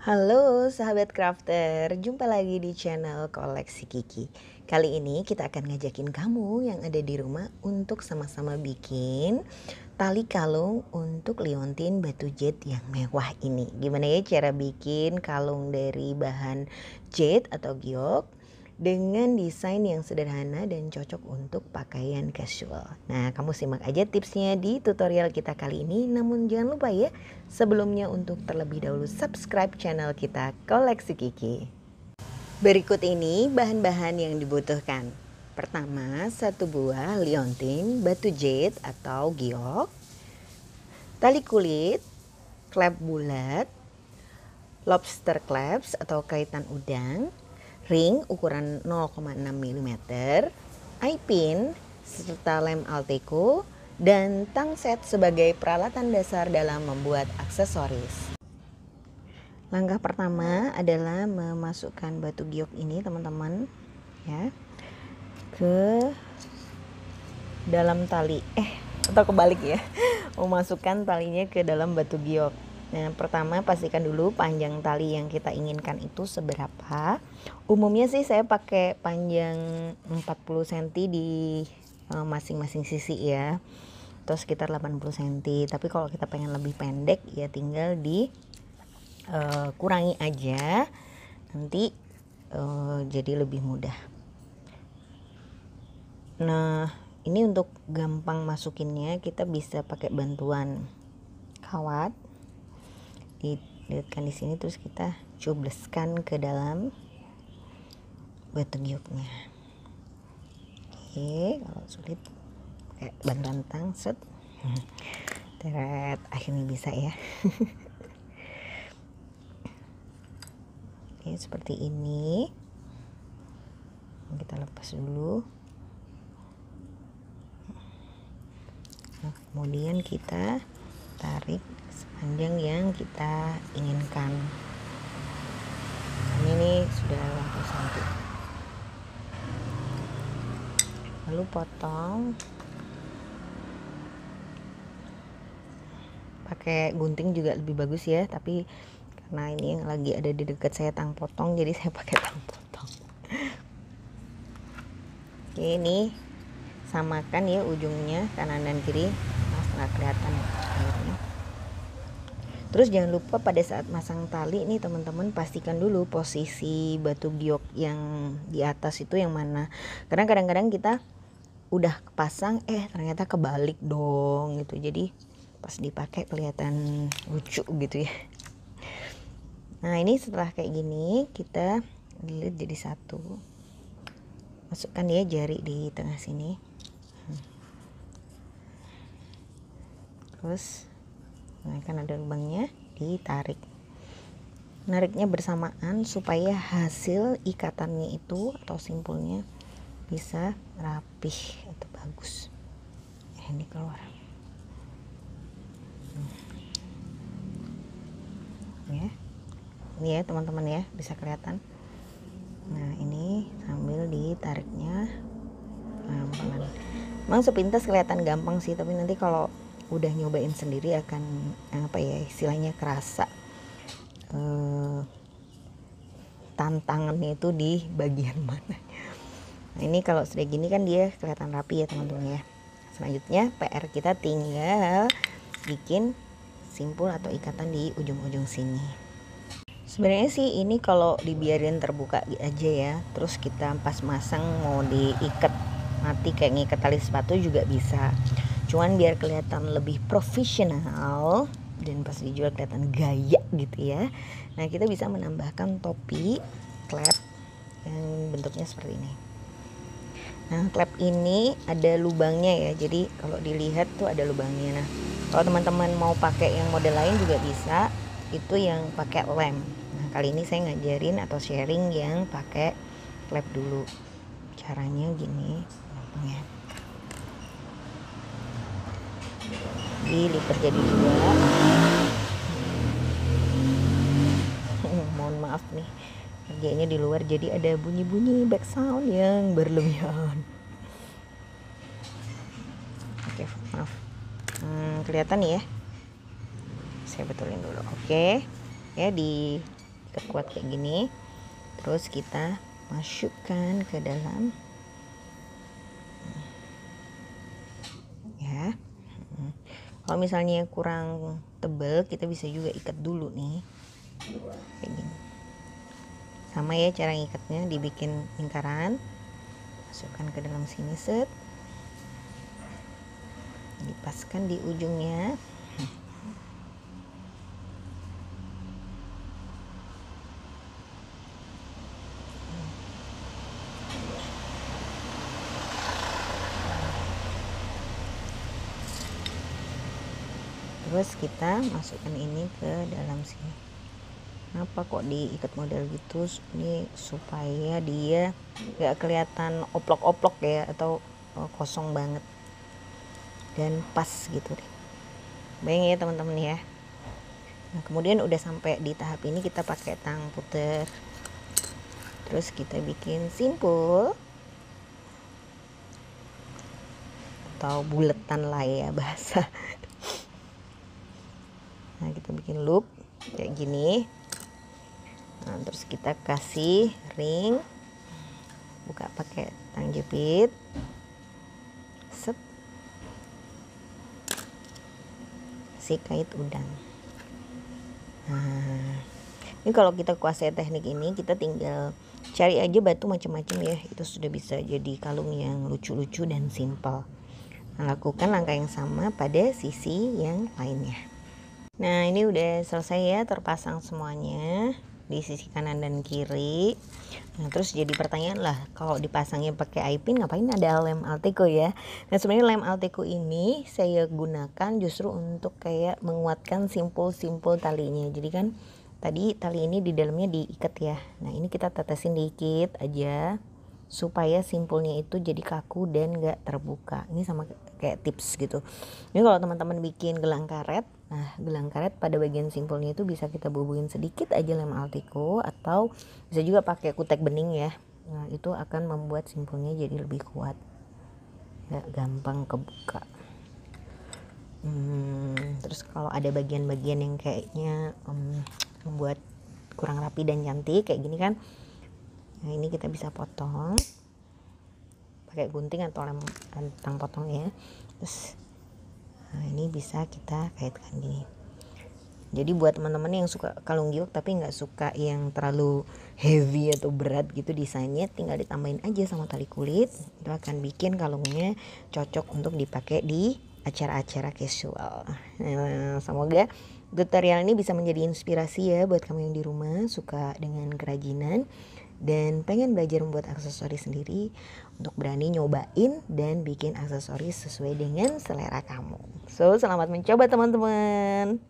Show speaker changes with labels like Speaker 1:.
Speaker 1: Halo sahabat crafter, jumpa lagi di channel Koleksi Kiki. Kali ini kita akan ngajakin kamu yang ada di rumah untuk sama-sama bikin tali kalung untuk liontin batu jade yang mewah ini. Gimana ya cara bikin kalung dari bahan jade atau giok? dengan desain yang sederhana dan cocok untuk pakaian casual. Nah, kamu simak aja tipsnya di tutorial kita kali ini. Namun jangan lupa ya, sebelumnya untuk terlebih dahulu subscribe channel kita Koleksi Kiki. Berikut ini bahan-bahan yang dibutuhkan. Pertama, satu buah liontin, batu jade atau giok, tali kulit, klep bulat, lobster claps atau kaitan udang, ring ukuran 0,6 mm, eye pin, serta lem Alteco, dan tang set sebagai peralatan dasar dalam membuat aksesoris. Langkah pertama adalah memasukkan batu giok ini teman-teman ya ke dalam tali eh atau kebalik ya memasukkan talinya ke dalam batu giok Nah, pertama pastikan dulu panjang tali yang kita inginkan itu seberapa. Umumnya sih saya pakai panjang 40 cm di eh, masing-masing sisi ya. Atau sekitar 80 cm. Tapi kalau kita pengen lebih pendek ya tinggal di uh, kurangi aja. Nanti uh, jadi lebih mudah. Nah, ini untuk gampang masukinnya kita bisa pakai bantuan kawat didekatkan di sini terus kita cubleskan ke dalam batu gioknya oke kalau sulit kayak ban rantang set teret akhirnya bisa ya oke seperti ini kita lepas dulu kemudian kita tarik sepanjang yang kita inginkan ini sudah waktu satu lalu potong pakai gunting juga lebih bagus ya tapi karena ini yang lagi ada di dekat saya tang potong jadi saya pakai tang potong oke ini samakan ya ujungnya kanan dan kiri maaf nggak kelihatan Terus jangan lupa pada saat masang tali nih teman-teman pastikan dulu posisi batu giok yang di atas itu yang mana. Karena kadang-kadang kita udah pasang eh ternyata kebalik dong gitu. Jadi pas dipakai kelihatan lucu gitu ya. Nah ini setelah kayak gini kita lilit jadi satu. Masukkan ya jari di tengah sini. Hmm. Terus nah, kan ada lubangnya ditarik nariknya bersamaan supaya hasil ikatannya itu atau simpulnya bisa rapih atau bagus ini keluar ya ini ya teman-teman ya bisa kelihatan nah ini sambil ditariknya gampang nah, memang sepintas kelihatan gampang sih tapi nanti kalau udah nyobain sendiri akan apa ya istilahnya kerasa eh, tantangannya itu di bagian mana nah ini kalau sudah gini kan dia kelihatan rapi ya teman-teman ya selanjutnya PR kita tinggal bikin simpul atau ikatan di ujung-ujung sini sebenarnya sih ini kalau dibiarin terbuka aja ya terus kita pas masang mau diikat mati kayak ngikat tali sepatu juga bisa cuman biar kelihatan lebih profesional dan pas dijual kelihatan gaya gitu ya nah kita bisa menambahkan topi klep yang bentuknya seperti ini nah klep ini ada lubangnya ya jadi kalau dilihat tuh ada lubangnya nah kalau teman-teman mau pakai yang model lain juga bisa itu yang pakai lem nah kali ini saya ngajarin atau sharing yang pakai klep dulu caranya gini ya dilipat jadi dua hmm, mohon maaf nih kerjanya di luar jadi ada bunyi-bunyi back sound yang berlebihan oke maaf hmm, kelihatan ya saya betulin dulu oke ya di kuat kayak gini terus kita masukkan ke dalam kalau misalnya kurang tebel kita bisa juga ikat dulu nih kayak gini sama ya cara ikatnya, dibikin lingkaran masukkan ke dalam sini set dipaskan di ujungnya terus kita masukkan ini ke dalam sini kenapa kok diikat model gitu ini supaya dia nggak kelihatan oplok-oplok ya atau eh, kosong banget dan pas gitu deh Bayang ya teman-teman ya nah kemudian udah sampai di tahap ini kita pakai tang puter terus kita bikin simpul atau buletan lah ya bahasa nah kita bikin loop kayak gini nah terus kita kasih ring buka pakai tang jepit set si kait udang nah ini kalau kita kuasai teknik ini kita tinggal cari aja batu macam-macam ya itu sudah bisa jadi kalung yang lucu-lucu dan simple nah, lakukan langkah yang sama pada sisi yang lainnya Nah, ini udah selesai ya terpasang semuanya di sisi kanan dan kiri. Nah, terus jadi pertanyaan lah, kalau dipasangnya pakai iPin ngapain ada lem Alteco ya? Nah, sebenarnya lem Alteco ini saya gunakan justru untuk kayak menguatkan simpul-simpul talinya. Jadi kan tadi tali ini di dalamnya diikat ya. Nah, ini kita tetesin dikit aja supaya simpulnya itu jadi kaku dan gak terbuka ini sama kayak tips gitu ini kalau teman-teman bikin gelang karet nah gelang karet pada bagian simpulnya itu bisa kita bubuhin sedikit aja lem altico atau bisa juga pakai kutek bening ya nah itu akan membuat simpulnya jadi lebih kuat gak gampang kebuka hmm, terus kalau ada bagian-bagian yang kayaknya um, membuat kurang rapi dan cantik kayak gini kan nah ini kita bisa potong pakai gunting atau lem tang potong ya terus nah ini bisa kita kaitkan gini jadi buat teman-teman yang suka kalung giok tapi nggak suka yang terlalu heavy atau berat gitu desainnya tinggal ditambahin aja sama tali kulit itu akan bikin kalungnya cocok untuk dipakai di acara-acara casual nah, semoga tutorial ini bisa menjadi inspirasi ya buat kamu yang di rumah suka dengan kerajinan dan pengen belajar membuat aksesoris sendiri untuk berani nyobain dan bikin aksesoris sesuai dengan selera kamu. So, selamat mencoba teman-teman.